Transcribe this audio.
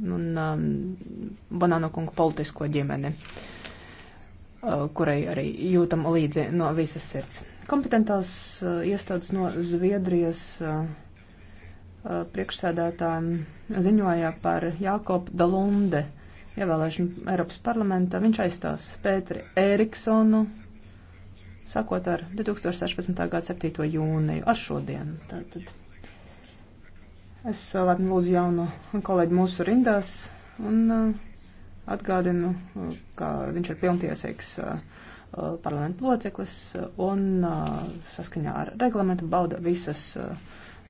un um, Banāna kunga politisko ģimeni, uh, kurai arī jūtam līdzi no visas sirds. Kompetentās uh, iestādes no Zviedrijas uh, uh, priekšsēdētājiem ziņoja par Jākopu Dalunde ievēlēšanu Eiropas parlamentā. Viņš aizstās Pēteri Eriksonu, sākot ar 2016. gada 7. jūniju, ar šodienu. Tātad. Es labi lūdzu jaunu kolēģi mūsu rindās un uh, atgādinu, uh, ka viņš ir pilntiesīgs uh, parlamentu loceklis un saskaņā ar reglamentu bauda visas